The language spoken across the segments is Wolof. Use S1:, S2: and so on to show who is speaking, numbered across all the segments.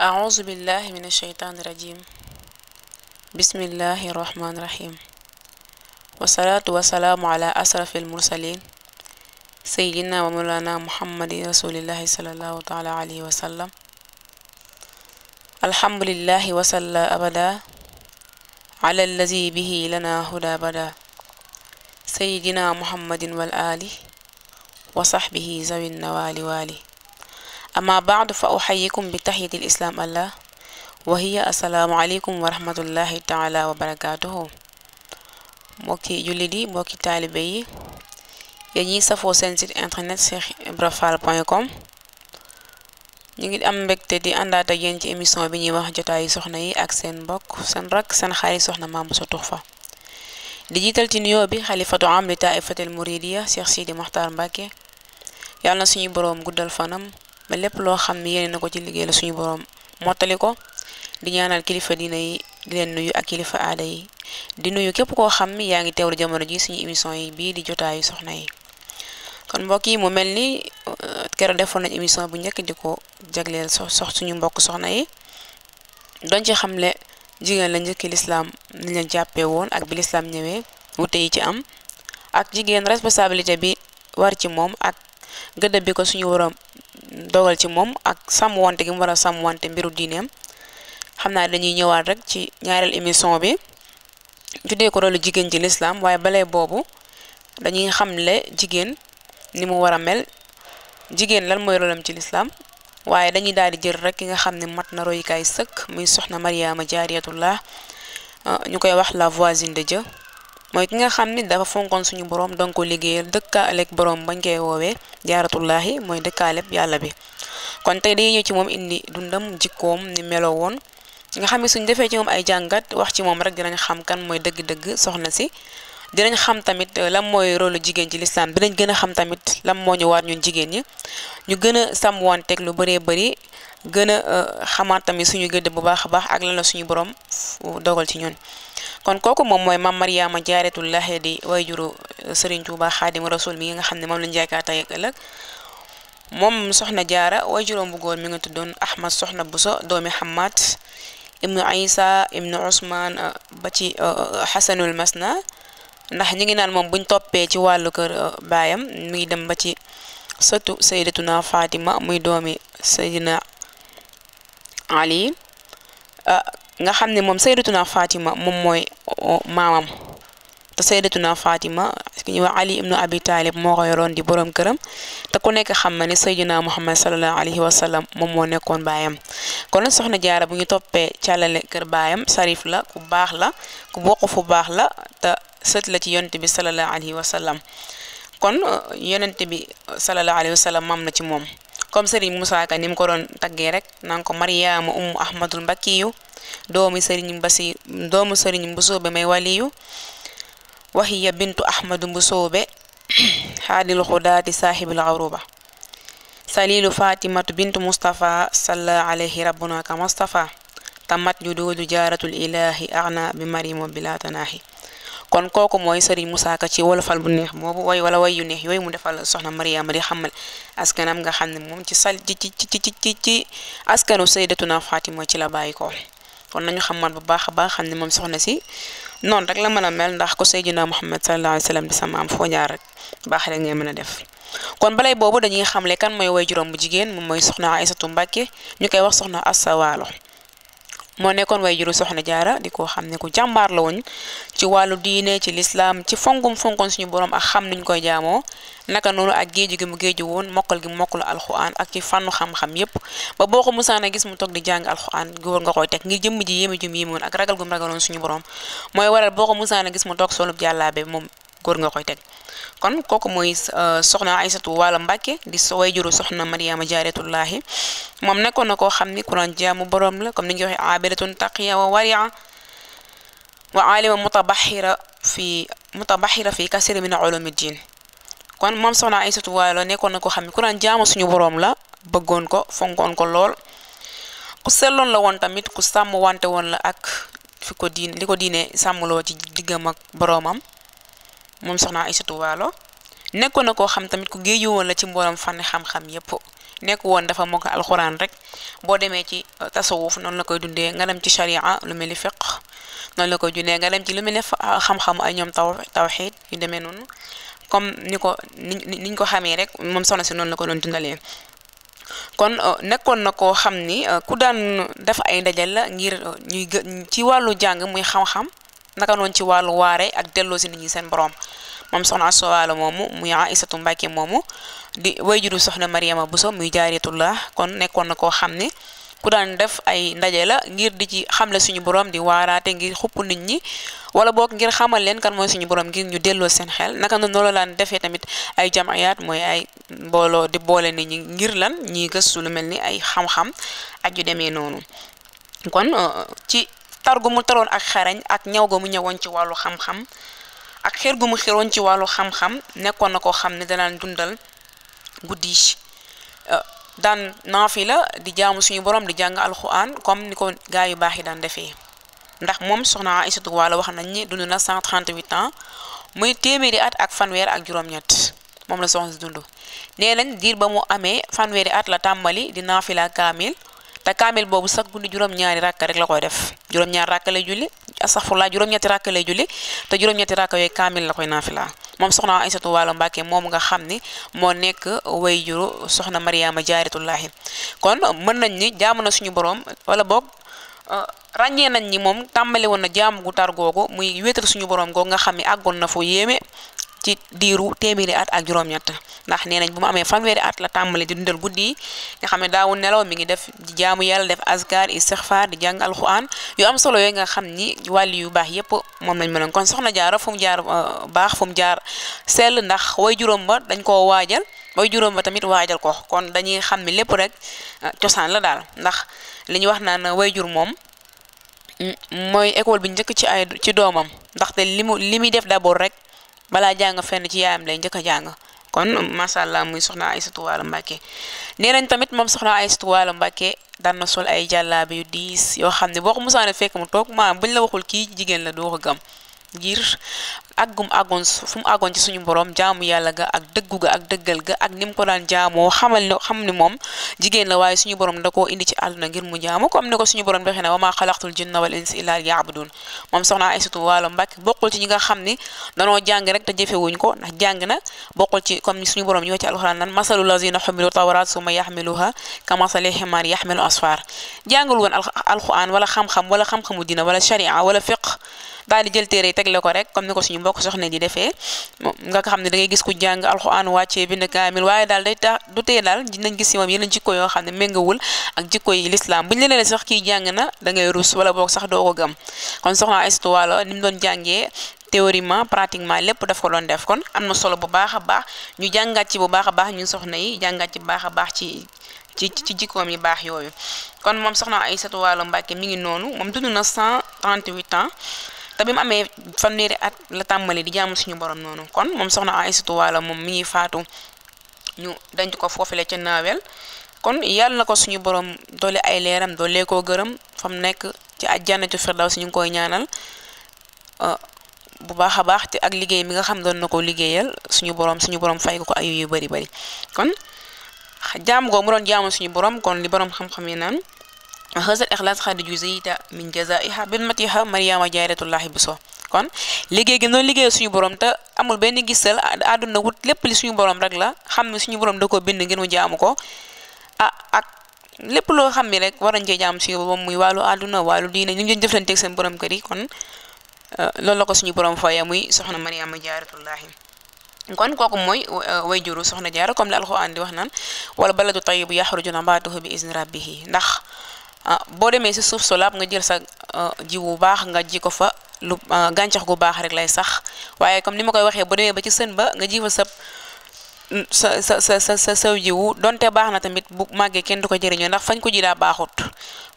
S1: أعوذ بالله من الشيطان الرجيم بسم الله الرحمن الرحيم والصلاة والسلام على أشرف المرسلين سيدنا ومولانا محمد رسول الله صلى الله تعالى عليه وسلم الحمد لله وصلى أبدا على الذي به لنا هدى بدا سيدنا محمد والآله وصحبه ذوي النوال والي أما بعد فأحييكم بتحية الإسلام الله وهي السلام عليكم ورحمة الله تعالى وبركاته موكي يوليدي موكي طالبي يني سافو سين سيت انترنت سيخ برافال بوين كوم نيجي ام بكتي دي انداتا يين تي اميسيون بي ني واخ يي اك بوك سين راك سين خاري سخنا مام سو تخفا دي جيتال بي خليفة عام لتائفة المريدية شيخ سيدي محتار مباكي يالنا سيني بروم غودال فانام ba lépp loo xam ne yéene na ko ci liggéey la suñu borom mottali ko di ñaanal kilifa dina yi di leen nuyu ak kilifa aada yi di nuyu képp koo xam ne yaa ngi teewlu jamono ji suñu émission yi bii di jotaayu soxna yi kon mbokk yi mu mel ni euh, keroog defoon nañ émission bu njëkk di ko jagleel sox sox suñu mbokk soxna yi doon ci xamle jigéen la njëkki lislaam ni leen jàppee woon ak bi lislaam ñëwee wute yi ci am ak jigéen responsabilité bi war ci moom ak gëdd bi ko suñu war a dogal ci moom ak sàmm wante gi mu war a sàmm wante mbiru diineem xam naa dañuy ñëwaat rek ci ñaareel émission bi juddee ko rolu jigéen ci lislaam waaye balee boobu dañuy xamle jigéen ni mu war a mel jigéen lan mooy rolam ci lislaam waaye dañuy daal di jël rek ki nga xam ne mat na royukaay sëkk muy soxna Mariama Jaariyatullah euh, ñu koy wax la voisine de Dieu mooy ki nga xam ni dafa fonkoon suñu borom danga ko liggéeyal dëkkaaleeg borom bañ koy woowee jaaratullaahi mooy dëkkaaleb yàlla bi kon tey dañuy ñu ci moom indi dundam jikkoom ni melo woon nga xam ne suñ defee ci moom ay jàngat wax ci moom rek dinañ xam kan mooy dëgg-dëgg soxna si dinañ xam tamit lan mooy rôle jigéen ci lislaam dinañ gën a xam tamit lan moo ñu waat ñun jigéen ñi ñu gën a teg lu bëree bëri gën a euh, xamaat tamit suñu gëdd bu baax a baax ak lan suñu borom dogal ci ñun kon kooku moom mooy maam jaareetul Jaaratullaahi di wayjuru eh, Serigne Touba Xaadimu Rasuul mi nga xam ne moom lañ jaakaar tey ak moom soxna jaara wayjuróom bu góor mi nga tuddoon Ahmad soxna Buso doomi Hamad ibnu Isa ibnu Ousmane eh, ba ci Xasanul eh, Masna ndax ñu ngi naan moom buñ toppee ci wàllu kër baayam mi dem ba ci sëtu Sayyidatuna Fatima muy doomi Sayyidina Ali nga xam ne moom sayyidatuna Fatima moom mooy oh, maamam te sayyidatuna Fatima ki ñuy wax Ali ibnu Abi Talib moo ko yoroon di borom këram te ku nekk xam na ne sayyidina Muhammad sallallahu alayhi wa sallam moom moo nekkoon baayam kon nag soxna jaara bu ñu toppee càllale kër baayam sarif la ku baax la ku bokk fu baax la te sët la ci yonent bi sallallahu alayhi wa sallam kon yonent bi sallallahu alayhi wa sallam maam na ci moom comme Serigne Moussa Ka ni mu ko doon taggee rek naan ko Mariyaama ummu Ahmadul Mbakkiyu doomi sëriñ mbasi doomu sëriñ mbusoobe may waliyu wahiya bintu ahmadu mbusoobe xaalil xudaati saaxibil xaruba salilu fatimatu bintu mustafa salla alayhi rabbuna ka mustafa tamat juduudu jaaratul ilaahi axna bi marimo bila tanaahi kon kooku mooy sëriñ Moussa Ka ci wolofal bu neex boobu way wala way yu neex yooyu mu defal soxna Mariama di xamal askanam nga xam ne moom ci sal ci ci ci ci ci askanu saydatuna Fatima ci la bàyyi ko kon nañu xam man bu baax a baax xam ne moom soxna si noonu rek la mën a mel ndax ko Seydina Muhammad sallallahu alayhi wa sallam di sama foo ñaar rek baax rek ngay mën a def kon balay boobu dañuy xam le kan mooy way juróom bu jigéen moom mooy soxna Aysatu Mbàkke ñu koy wax soxna waalo moo nekkoon way juru soxna jaara di ko xam ne ku jàmbaar la woon ci wàllu diine ci lislaam ci fongum fonkoon suñu borom ak xam nuñ koy jaamoo naka noonu ak géeju gi mu géeju woon mokkal gi mu mokkalu alxuraan ak ci fannu xam-xam yépp ba boo ko musaana gis mu toog di jàng alxuraan góor nga koy teg ngir jëm ji yéeme jum yéeme ak ragal gum ragaloon suñu borom mooy waral boo ko musaana gis mu toog solub jàllaabee moom gor nga koy tek kon koku sohna euh, soxna aysatu wala mbàkke di soway juru soxna maryama jaaratullahi mom nekko nako xamni xam ni jamu borom la comme ni ngi waxe abiratun taqiya wa waria wa alima mutabaxira fi mutabaxira fi kasir min ulumi din kon mom soxna aysatu wala nekko na xamni xam ni jamu suñu borom la beggon ko fonkon ko lol ku selon la won tamit ku sam wante won la ak fi din liko li ko ci digam ak boromam moom soxna Aysatu Waalo nekkoon na koo xam tamit ku géeju woon la ci mboolem fànni xam-xam yépp nekk woon dafa moo alxuraan rek boo demee ci uh, tasawuf noonu la koy dundee nga dem ci sharia lu mel ni fiq noonu la koy dundee nga dem ci lu mel ni uh, xam-xam ay ñoom taw tawxiid yu demee noonu comme ni ko ni niñ ko xamee rek moom soxna si noonu la ko doon dundalee kon uh, nekkoon na koo xam ni ku daan def ay ndajal la ngir ñuy ci wàllu jàng muy xam-xam naka noonu ci wàllu waare ak delloo si nit ñi seen borom moom soxna Asta Walo moomu muy Aysatu Mbàkke moomu di wayjuru soxna Mariama Buso muy jaaritullah kon nekkoon na koo xam ni ku daan def ay ndaje la ngir di ci xam xamle suñu borom di waaraate ngir xupp nit ñi wala boog ngir xamal leen kan mooy suñu borom ngir ñu delloo seen xel naka noonu loolu laan defee tamit ay jamayaat mooy ay mbooloo di boole nit ñi ngir lan ñiy gëstu lu mel ni ay xam ak yu demee noonu uh, targu mu taroon ak xarañ ak ñaw ga mu ñëwoon ci wàllu xam-xam ak xeer gu mu xiroon ci wàllu xam-xam nekkoon na xam ne danaan dundal euh, daan di jaamu suñu borom di jàng alquran comme ni ko gaa yu baax yi daan defee ndax moom soxna Aïssatou Wala wax nañ ni dund 138 ans muy téeméeri at ak fanweer ak juróom-ñett moom la soxna si dund nee nañ diir ba mu amee fanweeri at la tàmbali di nafila kamil te kaamil boobu sax guddi juróom-ñaari rakk rek la koy def juróom-ñaari rakk lay julli astaghfirullah juróom-ñetti rakk lay julli te juróom-ñetti rakk yooyu kaamil la koy naafila moom soxna Aysatu Waalo Mbàkke moom nga xam ni moo nekk way juru soxna Mariama Jaaratullaahi kon mën nañ ni jaamu na suñu boroom wala boog euh, ràññee nañ ni moom tàmbali woon na jaamu gu tar googu muy wéetal suñu boroom googu nga xam ne àggoon na fu yéeme ci diru téméré at ak juroom ñett ndax nee nañ bu mu amee at la tambalé di dundal guddi nga xamné daawu nelaw mi ngi def di jaamu yalla def azkar istighfar di jang alquran yu am solo yooyu nga xamni ni yu baax yépp mom lañ mëna kon soxna jaar fu mu jaar euh, baax fu mu jaar sel ndax way juroom ba dañ ko waajal way juroom ba tamit waajal ko kon dañuy xamni ni lépp rek euh, ciosan la daal ndax liñ wax naan way jur mom moy école bi njëkk ci ay ci domam ndax té limu limi def d'abord rek balaa jàng fenn ci yaayam lay njëkk a jàng kon macha allah muy soxna Aysatu Waalo Mbàkke nee nañ tamit moom soxna ay Waalo Mbàkke daan na sol ay jàllaabe yu diis yoo xam ne boo ko musaane fekk mu toog maam buñ la waxul kii jigéen la doo ko gëm ngir agum agons fum agon ci suñu borom jaamu yàlla ga ak dëggu ga ak dëggal ga ak nim ko daan jaamo xamal no xamni mom jigen la way suñu borom dako indi ci aduna ngir mu jaamu comme ni ko suñu borom waxee ne wa maa jinna wal insa illa liya'budun mom soxna Aysatu wala mbak bokul ci ñi nga xam jàng rek jefe wuñ ko ndax jàng na bokul ci comme suñu borom ñu ci alquran nan masalul lazina xumilu tawrat suma kama kamasali ximaar yahmil asfar jàngul won alquran wala xam-xam wala xam-xamu dina wala sharia wala fiqh daal di jël la ko rek comme ni ko suñu ba ko soxna ji defee nga xam ne da ngay da ngay rus wala boog sax doo ko gëm kon soxna Astuwaalo ni mu doon jàngee théoriquement pratiquement lépp daf ko doon def kon am na solo bu baax a baax ñu jàngat ci bu baax a baax ñun soxna yi jàngat ci bu baax a baax ci ci ci jikkoom yi baax yooyu kon moom soxna Aysatu Waalo Mbàkke mi ngi noonu moom dund na 138 ans te bi mu amee fanweeri at la tàmbali di jaamu suñu borom noonu kon moom soxna Aysatu Waalo moom mi ngi faatu ñu denc ko foofule ca naawel kon yàlla na ko suñu boroom doole ay leeram doole koo gërëm fa mu nekk ci àjjana ci firdaws ñu ngi koy ñaanal euh, bu baax a baax te ak liggéey mi nga xam doon na ko liggéeyal suñu borom suñu borom fay ko ay yu bari bari kon jaamu googu mu doon jaamu suñu borom kon li borom xam-xam yi naan. هذا الإخلاص خارج جزيتا من جزائها بالمتيها مريم جارة الله بصو kon liggéey gi noonu liggéey suñu borom te amul benn gisal àdduna wut lépp li suñu borom rek la xam ne suñu borom da ko bind ngir mu jaamu ko ah ak lépp loo xam ne rek war nañ cee jaam suñu borom muy wàllu àdduna wàllu diine ñu ngi doon jëflanteeg seen borom kër yi kon loolu la ko suñu borom fayee muy soxna Mariama jaaratullahi kon kooku mooy way juru soxna jaara comme la alxuraan di wax naan wala baladu tayyib yaxruju nabaatuhu bi izni rabbihi ndax Ah, boo demee si suuf su laab nga jël sa ah, ji bu baax nga ji ko fa lu ah, gàncax gu baax rek lay sax waaye comme ni ma koy waxee boo demee ba ci sën ba nga ji fa sa mm, sa sa sa sa saw jiwu donte baax na tamit bu màggee kenn du ko jëriñoo ndax fañ ko ji daa baaxut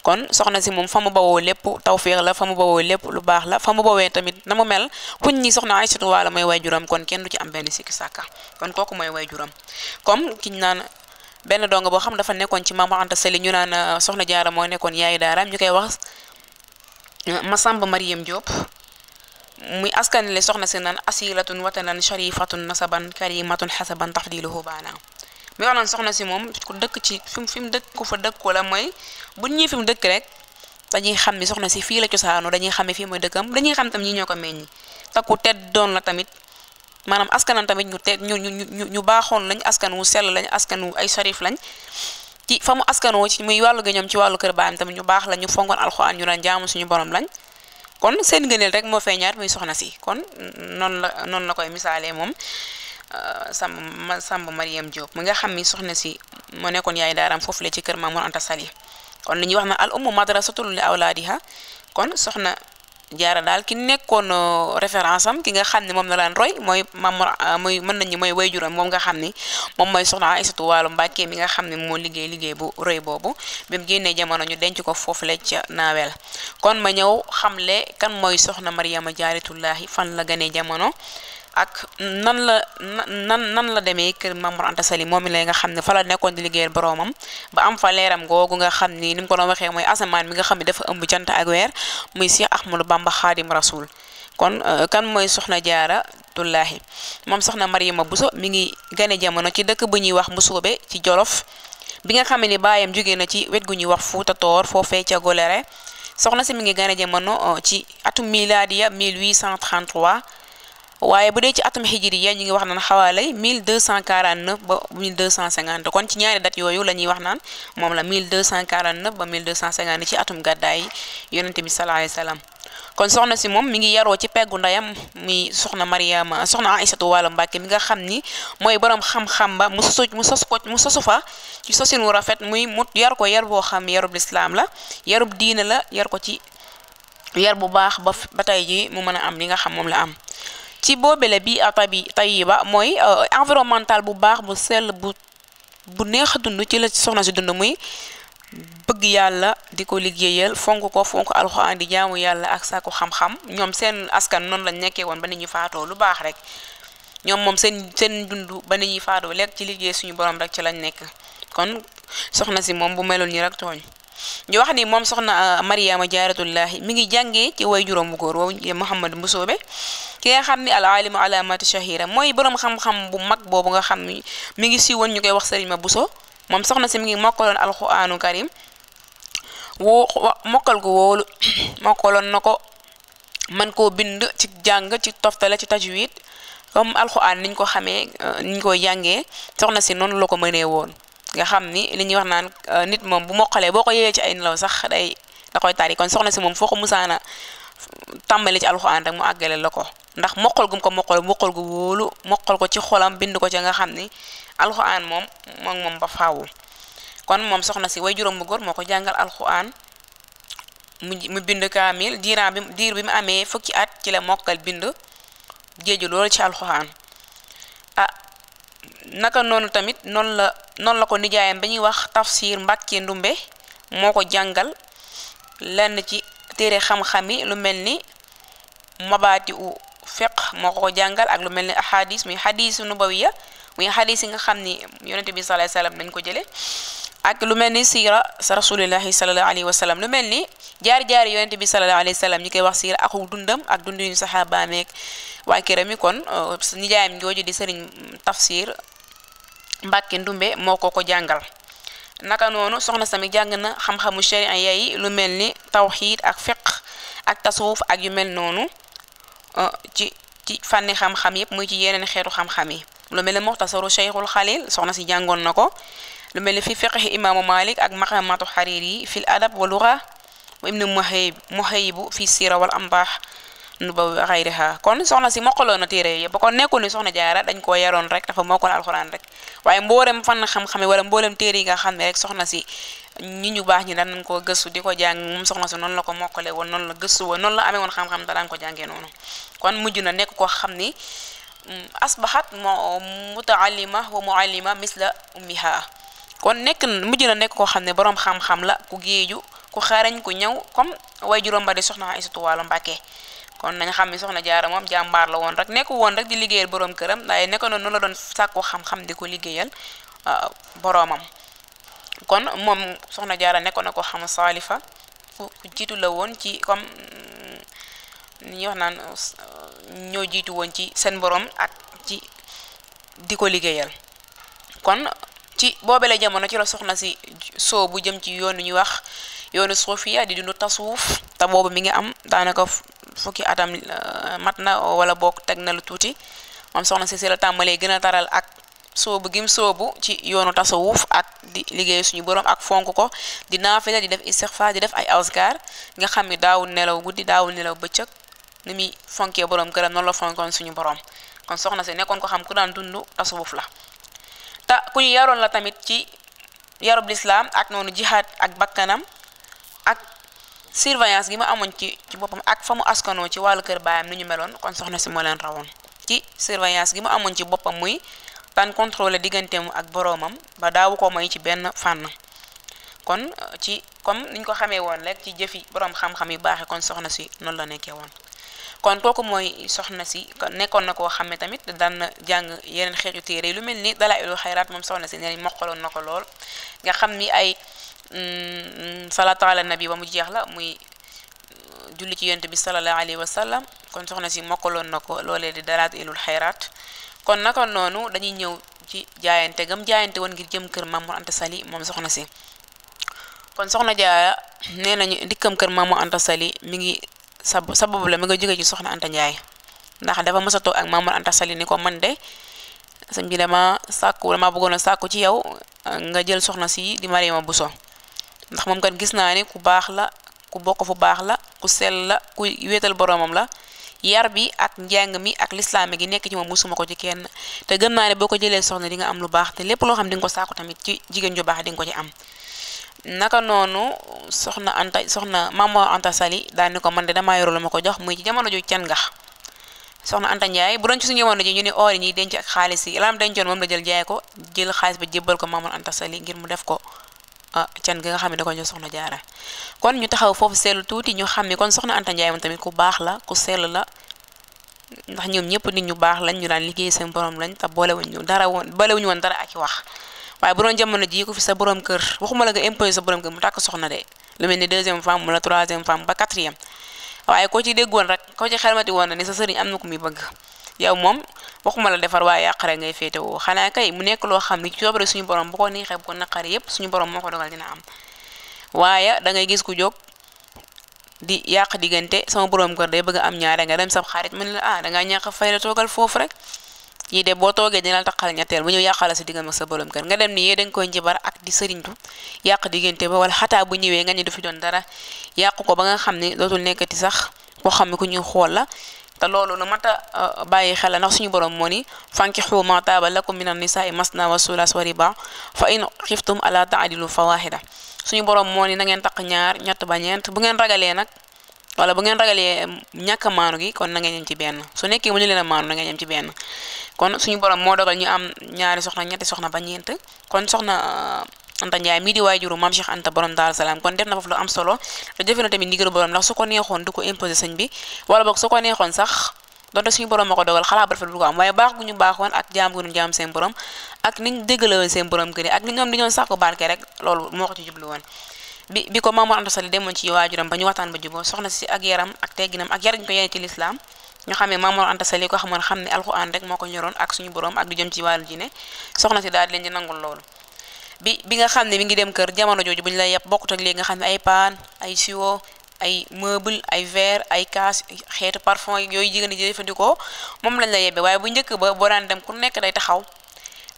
S1: kon soxna si moom fa mu bawoo lépp tawféex la fa mu bawoo lépp lu baax la fa mu bawee tamit na mu mel kuñ ñi soxna Aysatu Waalo mooy waajuram kon kenn du ci am benn sikki sàkka kon kooku mooy waajuram benn donga boo xam dafa nekkoon ci Maam Anta Sali ñu naan euh, soxna jaara moo nekkoon yaay daaraam ñu koy wax euh, Masamba Mariam Diop muy askan askanle soxna si naan asilatun watanan sharifatun nasaban karimatun xasaban tafdiluhu baana muy wax naan soxna si moom ku dëkk ci fi fi mu dëkk ko fa dëkk wala mooy bu ñii fi mu dëkk rek dañuy xam ni soxna si fii la cosaano dañuy xame fii mooy dëkkam dañuy xam tam ñi ñoo ko meññi takku tedd doon la tamit maanaam askanam tamit ñu te ñu ñu ñu ñu baaxoon lañ askan wu sell lañ askan wu ay sharif lañ ci fa mu askanoo ci muy wàllu gëñoom ci wàllu kër baayam tamit ñu baax lañ ñu fonkoon alxuraan ñu daan jaamu suñu borom lañ kon seen gëneel rek moo feeñaat muy soxna si kon noonu la noonu la koy misaalee moom euh, Samba Samba Mariam Diop mi nga xam ni soxna si mu nekkoon yaay daaram foofu la ci kër Mamour Anta Sali kon li ñu wax na al ummu madrasatun li awlaadiha kon soxna jaara daal ki nekkoon euh, référence am ki nga xam ne moom la daan roy mooy maam muy euh, mën nañu mooy wayjuram moom nga xam ni moom mooy soxna Aysatu Waalo Mbàkke mi nga xam ne moo liggéey liggéey bu roy boobu bi mu génnee jamono ñu denc ko foofu la ca naawel kon ma ñëw le kan mooy soxna Mariama Jaaratullaahi fan la gënee jamono ak nan la nan nan la demee kër Mamour Anta Sali moom lay nga xam ne fa la nekkoon di liggéeyal boroomam ba am fa leeram googu nga xam ni ni mu ko doon waxee mooy asamaan mi nga xam ne dafa ëmb jant ak weer muy Cheikh Ahmadou Bamba Xaadim Rasul kon euh, kan mooy soxna jaara tullaahi moom soxna Mariama Bousso mi ngi gane jamono ci dëkk bu ñuy wax mu Mbusoobe ci Jolof bi nga xam ni baayam jóge na ci wet gu ñuy wax Fuuta Toor foofee ca rek soxna si mi ngi gane jamono euh, ci atum miladiya 1833 waaye bu dee ci atum hijriya ñu ngi wax naan xawaalay 1249 ba 1250 kon ci ñaari dat yooyu la ñuy wax naan moom la 1249 ba 1250 ci atum gàddaay yonente bi sallallahu alayhi wasallam kon soxna si moom mi ngi yaroo ci peggu ndayam muy soxna Mariama soxna Aïssatou Walo Mbàkke mi nga xam ni mooy borom xam-xam ba mu sosu mu sos ko mu sosu fa ci sosin rafet muy mu yar ko yar boo xam yarub lislaam la yarub diine la yar ko ci yar bu baax ba ba tey ji mu mën a am li nga xam moom la am ci boobele bi tabi tayiba mooy euh, environnemental bu baax bu sell bu bu neex a dund ci la soxna si dund muy bëgg yàlla di ko liggéeyal fonk ko fonk alxuraan di jaamu yàlla ak sàkku xam-xam ñoom seen askan noonu lañ nekkee woon ba ni ñuy faatoo lu baax rek ñoom moom seen seen dund ba ni ñuy faatoo lekk ci liggéey suñu borom rek ci lañ nekk kon soxna si moom bu melul nii rek tooñ ñu wax ni moom soxna euh, Mariama Jaaratullaahi mi ngi jàngee ci way juróom bu góor woowu Mouhamadou Mbusoobe ki nga xam ni al alimu alamati shahira mooy boroom xam bu mag boobu nga xam ni mi ngi siiwoon ñu koy wax sëriñ ma buso moom soxna si mi ngi mokkaloon alquraanu karim woo ko woolu mokkaloon na ko man koo bind ci jàng ci toftale ci tajwid comme alxuraan niñ ko xamee euh, niñ koy jàngee soxna si noonu la ko mënee woon nga xam ni li ñuy wax naan euh, nit moom bu moqalee boo ko yeewee ci ay nelaw sax day da koy tari kon soxna si moom foo ko musaana tàmbali ci alxuraan rek mu àggale la ko ndax mokkal gum ko mokkal mokkal gu wóolu mokkal ko ci xolam bind ko ci nga xam ni alxuraan moom moom moom ba faawu kon moom soxna si way juróom bu moo ko jàngal alxuraan mu bind kaamil diiraan bi diir bi mu amee fukki at ci la mokkal bind géeju loolu ci alxuraan ah, naka noonu tamit noonu la noonu la ko nijaayam ba ñuy wax tafsir mbàkkee ndumbe moo ko jàngal lenn ci téere xam-xam yi lu mel ni mabaati u fiq moo ko jàngal ak lu mel ni ahadis muy hadisu nubawiya muy hadis yi nga xam ni yonente bi sallallahu alayhi wasallam dañ ko jële ak lu mel ni siira sa rasulillahi sallallahu alayhi wasallam lu mel ni jaar-jaari yonente bi sallallahu alayhi wasallam ñi koy wax siira ak dundam ak dunduñu saxaabaameeg waa këram yi kon nijaayam jooju di sëriñ tafsir mbàkke ndumbe moo ko ko jàngal naka nonu soxna sami jàng na xam-xamu sharia yi lu melni tawhid ak fiqh ak tasawuf ak yu mel nonu ci ci fànni xam-xam yep muy ci yeneen xeetu xam-xam yi lu melni muhtasaru shaykhul khalil soxna si jangon nako lu melni fi fiqh imam malik ak maqamatu hariri fil adab wal lugha wa ibnu muhayyib muhayibu fi sirah wal anbah nu ba xayriha kon soxna si mokkaloon na téere yëpp ba kon nekkul ni soxna jaara dañ koo yaroon rek dafa mokkal alxuraan rek waaye mboolem fan xam-xame wala mboolem téere yi nga xam ne rek soxna si ñi ñu baax ñi daan nañ koo gëstu di ko jàng moom soxna noonu la ko mokkale woon noonu la gëstu woon la amee woon xam-xam ko jàngee noonu kon mujj na nekk koo xam ni mm, asbahat mo mutaalima wa muallima misla ummiha kon nekk mujj na nekk koo xam ne boroom xam-xam la ku géeju ku xarañ ku ñëw comme way juróom ba di soxna Aysatu Waalo Mbàkke kon nañ xam mi soxna jaara moom jàmbaar la woon rek nekku woon rek di liggéeyal boroom këram waaye nekk noonu la doon sàkku xam-xam di ko liggéeyal uh, boroomam kon moom soxna jaara nekkoon na ko xam saalifa ku jiitu la woon ci comme mm, ni wax naan uh, ñoo jiitu woon ci seen boroom ak ci di ko liggéeyal kon ci jamono ci soxna si soo bu jëm ci yoonu ñuy wax yoonu suufiya di dundu tasawuf te boobu mi ngi am daanaka fukki atam euh, mat na wala bokk teg na lu tuuti moom soxna si si la tàmbalee gën a taral ak soobu gim soobu ci yoonu tasawuf ak di liggéey suñu borom ak fonk ko di naafila di def istixfaar di def ay azkar nga xam ni daawul nelaw guddi daawul nelaw bëccëg ni muy fonkee borom këram noonu la suñu borom kon soxna si nekkoon ko xam ku daan dund tasawuf la ta ku yaroon la tamit ci yarub lislaam ak noonu jihaad ak bakkanam surveillance gi mu amoon ci ci boppam ak fa mu askanoo ci wàllu kër baayam ni ñu meloon kon soxna si moo leen rawoon ci surveillance gi mu amoon ci boppam muy daan contrôler digganteem ak boroomam ba daawu ko moy ci benn fànn kon euh, ci comme niñ ko xamee woon rek ci jëfi boroom xam-xam yu baaxee kon soxna si noonu la nekkee woon kon kooku mooy soxna si nekkoon na koo xam ne tamit daan na jàng yeneen xeetu téere lu mel nii dalaa ilu xayraat moom soxna si ne moqaloon na ko lool nga xam ni ay salatu ala nabi bamu jeex la muy julli ci yent bi sallallahu alayhi wa sallam kon soxna si mokkaloon nako lolé di dalaat ilul khairat kon nako nonu dañuy ñëw ci jaayante gam jaayante won ngir jëm kër Mamour Anta Sali mom soxna si kon soxna jaaya nenañu dikam kër Mamour Anta Sali mi ngi sababu la mi nga jóge ci soxna Anta jaay ndax dafa mësa a ak Mamour Anta Sali ni ko man de sëñ bi dama sàkku dama bëggono sàkku ci yow nga jël soxna si di Mariama Bousso ndax moom kan gis naa ne ku baax la ku bokk fu baax la ku sell la ku wéetal boromam la yar bi ak njàng mi ak lislaame gi nekk ci moom suma ko ci kenn te gën naa ne boo ko jëlee soxna di nga am lu baax te lépp loo xam di nga ko saako tamit ci jigéen ju baax dinga ko ci am naka noonu soxna Anta soxna Mamour Anta Sali daan ni ko man de damaa yorul ma ko jox muy ci jamono ju cangax soxna Anta Ndiaye bu doon ci suñu jamono ji ñu ne or yi ñuy denc ak xaalis yi lam dencoon moom jël jaay ko jël xaalis ba jébbal ko Mamour Anta Sali ngir mu def ko Ah, can gi nga xam ne da ko ñëw soxna jaara kon ñu taxaw foofu seetlu tuuti ñu xam ne kon soxna Anta moom tamit ku baax la ku sell la ndax ñoom ñëpp nit ñu baax lañ ñu daan liggéey seen borom lañ te boolewuñ ñu dara woon boolewuñu woon dara ak i wax waaye bu doon jamono jii ko fi sa borom kër waxuma la nga imposé sa borom kër mu tàkk soxna de lu mel ni deuxième femme wala troisième femme ba quatrième waaye koo ci déggoon rek koo ci xelmati woon na ni sa sëriñ am na ku muy bëgg yow mom waxuma la defar waaye yàqare ngay fete wo xana kay mu nek lo xamni ci sobre suñu borom bu ko neexee bu ko naqare yep suñu borom moko dogal dina am waaye da ngay gis ku jog di yaq digante sama borom ko day bëgg am ñaare nga dem sab xarit mu la ah dangaa ñàkk fayda togal fofu rek yi de bo toge dina la taqal ñetteel bu ñu yaqal sa digam sa borom kër nga dem ni ye dañ koy jibar ak di sëriñtu yaq diggante ba wal xataa bu ñëwee nga ñu du fi doon dara yaq ko ba nga xamni dootul nekkati sax ko xamni ku ñu xol la te loolu lu mat a bàyyi xel ndax suñu borom moo ni fankixu ma taaba lakum min annisaai masna wa sulaas wa riba fa in xiftum ala taadilu fawahida suñu borom moo ni na ngeen taq ñaar ñett ba ñeent bu ngeen ragalee nag wala bu ngeen ragalee ñàkk maanu gi kon na ngeen ñem ci benn su nekkee mu ñu leen a maanu na ngeen ñem ci benn kon suñu borom moo dogal ñu am ñaari soxna ñetti soxna ba ñeent kon soxna Anta Njaay mi di waajuru mam Cheikh Anta borom dar salam kon def na lu am solo te jëfe na tamit ndigal borom ndax su ko neexoon du ko imposer señ bi wala bok su ko neexoon sax donte suñu borom mako dogal xalaat ba rafet du ko am waye jam guñu bax won ak jaam guñu jaam seen borom ak niñ won seen borom gëni ak ñom dañu sax ko barké rek loolu moko ci jublu won bi bi ko Mamour Anta Sali demon ci wajuram ba ñu waxtaan ba jubo soxna si ak yaram ak teginam ak yar ñu ko yene ci l'islam ñu xamé Mamour Anta Sali ko xamone xamné ne rek moko ñoroon ak suñu borom ak du jëm ci walu soxna si daal leen di nangul loolu bi bi nga xam ne mi ngi dem kër jamono jooju bu ñu lay yàpp bokkut ak léegi nga xam ne ay paan ay siwo ay meuble ay verre ay kaas xeetu parfum yooyu jigéen ñi jëfandikoo moom lañ la yebbe waaye bu njëkk ba boo daan dem ku nekk day taxaw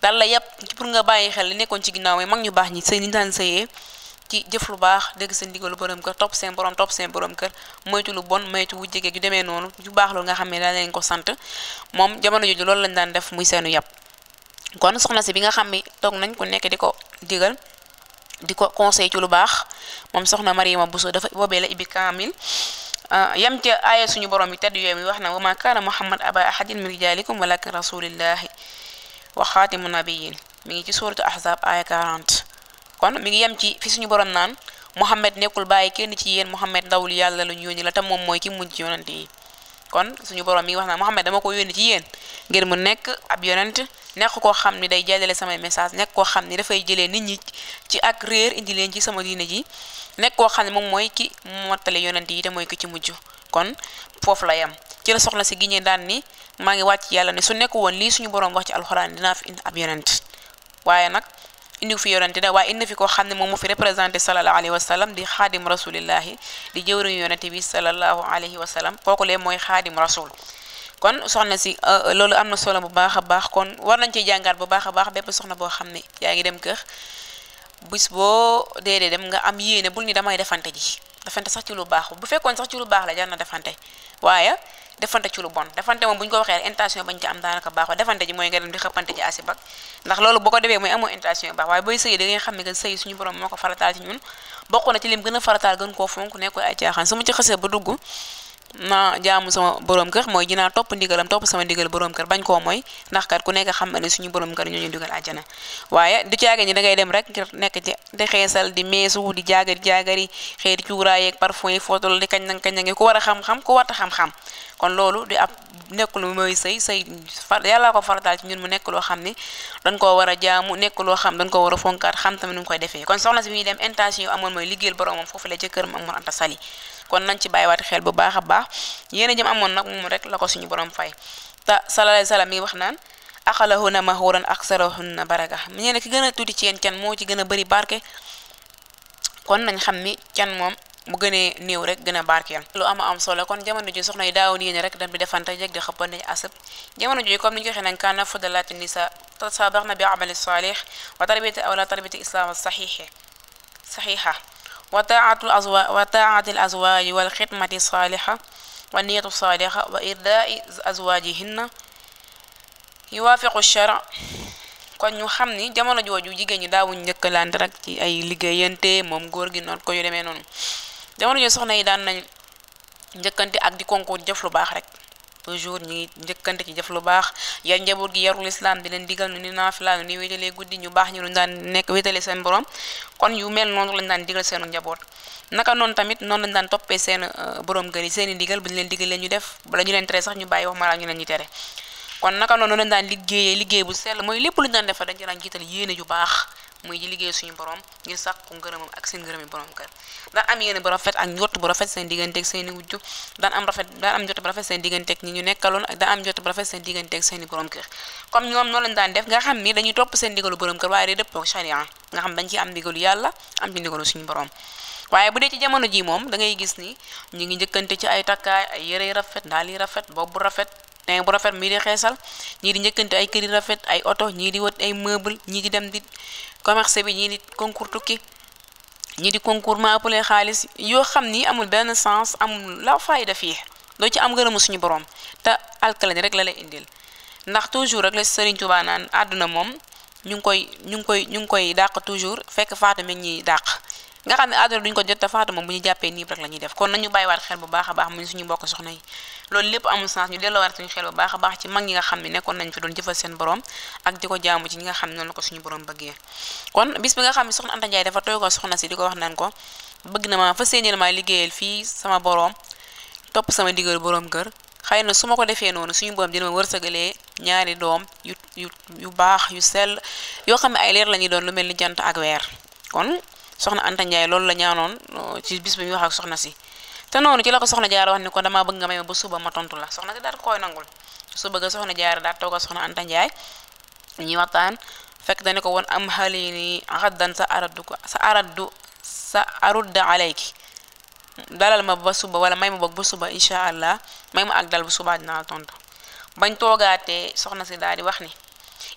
S1: daal la yàpp pour nga bàyyi xel li nekkoon ci ginnaaw mi mag ñu baax ñi sëy li daan sëyee ci jëf lu baax dégg seen digalu borom kër topp seen borom topp seen borom kër moytu lu bon moytu wu jege ju demee noonu ju baax loolu nga xam ne daa leen ko sant moom jamono jooju loolu lañ daan def muy seenu yàpp kon soxna si bi nga xam ni toog nañ ku nekk di ko digal di ko conseil ci lu baax moom soxna Mariama Bousso dafa boobee la ibi kaamil ah, yam ca aaya suñu borom mi tedd yooyu mi wax na wa ma kaana muhammad aba ahadin min rijalikum walakin rasulillahi wa xaatimu nabiyin mi ngi ci suuratu ahzab aaya kon mi ngi yem ci fi suñu borom naan muhammad nekkul bàyyi kenn ci yéen muhammad ndawul yàlla lu ñu yónni la te moom mooy ki mujj yonante yi kon suñu borom mi ngi wax naan muhammad dama ko yónni ci yéen ngir mu nekk ab yonent nekk koo xam ni day jàllale samay message nekk koo xam ni dafay jëlee nit ñi ci ak réer indi leen ci sama diine ji nekk koo xam ne moom mooy ki mottale yonent yi te mooy ki ci mujj kon foofu la yam ci la soxna si giñee daan ni maa ngi wàcc yàlla ne su nekk woon lii suñu boroom wax ci alxuraan dinaa fi indi ab yonent waaye nag indi fi yonente da waaye fi koo xam ne moom mu fi représenté salallahu alayhi wa sallam di xaadim rasulillahi di jëwriñu yonente bi salallahu alayhi wa sallam kooku lee mooy xaadim rasul kon soxna si euh, euh, loolu am na solo bu baax a baax kon war nañ ciy jàngaat bu baax a baax bépp soxna boo xam ne yaa ngi dem kër bis boo deedee dem nga am yéene bul ni damay defante ji defante sax ci lu baax bu fekkoon sax ci lu baax la jar na defante waaye defante ci lu bon defante moom bu ko waxee intention bañ ko am daanaka baaxoo defante ji mooy nga dem di xëppante ji asi bak ndax loolu boo ko defee mooy amoo intention baax waaye booy sëy ne que sëy suñu borom moo ko farataal ci ñun a farataal gën koo fonk nekkul ay caaxaan ba dugg naa jaamu sama borom kër mooy dinaa topp ndigalam topp sama ndigal borom kër bañ koo moy ndax kat ku nekk xam na ne suñu borom kër ñoo ñu dugal àjjana waaye du caaga ñi da ngay dem rek ngir nekk ci di xeesal di meesu di jaagari jaagari xeeti cuuraay yeeg parfum yi footol di kañ nang kañ nangi ku a xam-xam ku xam-xam kon loolu di ab nekk lu mooy sëy sëy far yàlla ko farataal mu nekk loo xam ne dañ koo war a jaamu nekk loo xam dañ ko war a fonkaat xam tamit nu ngi koy defee kon soxna si bi dem intention yu amoon mooy liggéeyal boromam foofu la ca këram ak Mor Anta Sali kon nañ ci bàyyiwaat xel bu baax a baax yéen a jëm amoon nag moom rek la ko suñu borom fay te sallallahu alayhi wa sallam mi wax naan aqalahunna mahwuran aksarahunna baraka mu ne ki gën a tuuti ci yéen can moo ci gën a bëri barke kon nañ xam ni can moom mu gënee néew rek gën a barkeel lu am am solo kon jamono ji soxna yi daawoon yéen rek dem di defante jeg di xëppandi asab jamono ji comme ni ñu ko waxee nag kaana fudalaati nisa tasabaxna bi amali saalih wa tarbiyati awla tarbiyati islam saxiixe saxiixa وطاعة الأزواج, وطاعة الأزواج والخدمة الصالحة والنية الصالحة وإرضاء أزواجهن yuwaafiqu shara kon ñu xam ni jamono jooju jigéen ñi daawuñ njëkkalante rek ci ay liggéeyante moom góor gi noonu ko yu demee noonu jamono jooju soxna yi daan nañ njëkkante ak di concours jëf lu baax rek toujours ñu ngi njëkkante ci jëf lu baax yar njaboot gi yarul islam di leen digal ni naafila nu ni wéetalee guddi ñu baax ñu lu daan nekk seen borom kon yu mel noonu lañ daan digal seenu njaboot naka noonu tamit noonu daan toppee seen euh, borom kër yi digal bu ñu def bala ñu leen tere sax ñu bàyyi wax ma la ñu leen ñu tere kon naka noonu daan liggéeyee liggéey bu sell mooy lépp lu ñu daan defar dañ ci daan jiital yéene ju baax muy di liggéey suñu borom ngir sàkku ngërëmam ak seen ngërëmi borom kër daan am yéene bu rafet ak njort bu rafet seen digganteeg seeni wujju daan am rafet daan am njort bu rafet seen ak ñi ñu nekkaloon ak daan am njort bu rafet seen digganteeg seeni borom kër comme ñoom noonu lañ daan def nga xam ni dañuy topp seen digalu borom kër waaye day dëppoo sharia nga xam dañ ci am digalu yàlla am ci gol suñu borom waaye bu dee ci jamono ji moom da ngay gis ni ñu ngi njëkkante ci ya, ay takkaay ay yére rafet daal yi rafet bu rafet tey eh, bu rafet mi di xeesal ñii di njëkkante ay kër yi rafet ay oto ñii di wët ay meuble ñii di dem di commerce bi ñi di concours tukki ñi di concours ma appelé xaalis yo xamni amul ben sens amul la fayda fi do ci am ngërëmu suñu borom ta te ni rek la lay indil ndax toujours rek la Serigne Touba nan aduna mom ñu ngi koy ñu ngi koy ñu ngi koy dàq toujours fekk faatu mi ñuy dàq nga xam ne aaduna duñ ko jot te faatu moom bu ñu jàppee niib rek la ñuy def kon nañu bàyyiwaat xel bu baax a baax muñ suñu mbokk soxna yi loolu lépp amul sens ñu delloowaat suñu xel bu baax a baax ci mag yi nga xam ne nekkoon nañ fi doon jëfal seen borom ak di ko jaamu ci ñi nga xam ne noonu la ko suñu borom bëggee kon bis bi nga xam ne soxna Anta Njaay dafa toy ko soxna si di ko wax naan ko bëgg na ma fa séeneel maa liggéeyal fii sama borom topp sama digal borom kër xëy na su ma ko defee noonu suñu borom dina ma wërsëgalee ñaari doom yu yu baax yu sell yoo xam ne ay leer lañuy doon lu mel ni jant ak weer kon soxna Anta Ndiaye loolu la ñaanoon euh, ci bis bi ñu wax ak soxna si te noonu ci la ko soxna jaar wax ni ko dama bëgg nga may ma ba suba ma tontu la soxna si daal koy nangul suba ga soxna jaar daal toogal soxna Anta Ndiaye ñi waxtaan fekk dane ko won am halini sa araddu sa araddu sa arudda alayki dalal ma ba suba wala may ma boog ba suba insha allah may ma ak dal bu suba dina tontu bañ soxna si daal di wax ni